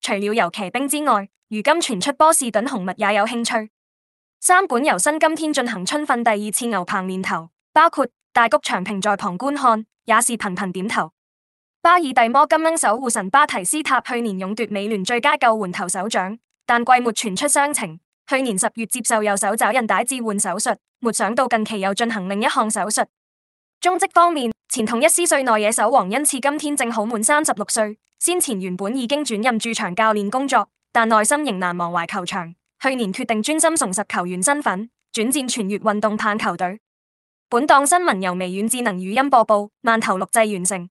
除了遊騎兵之外，如今傳出波士頓紅襪也有興趣。山本由伸今天進行春訓第二次牛棚練投，包括大谷翔平在旁觀看，也是頻頻點頭。巴爾的摩金鶯守護神巴提斯塔去年勇奪美聯最佳救援投手獎，但季末傳出傷情，去年十月接受右手肘韌帶置換手術，沒想到近期又進行另一項手術。中職方面。前統一獅隊內野手王恩賜今天正好滿三十六歲。先前原本已經轉任駐場教練工作，但內心仍難忘懷球場。去年決定專心重拾球員身份，轉戰全月運動棒球隊。本檔新聞由微軟智能語音播報，慢頭錄製完成。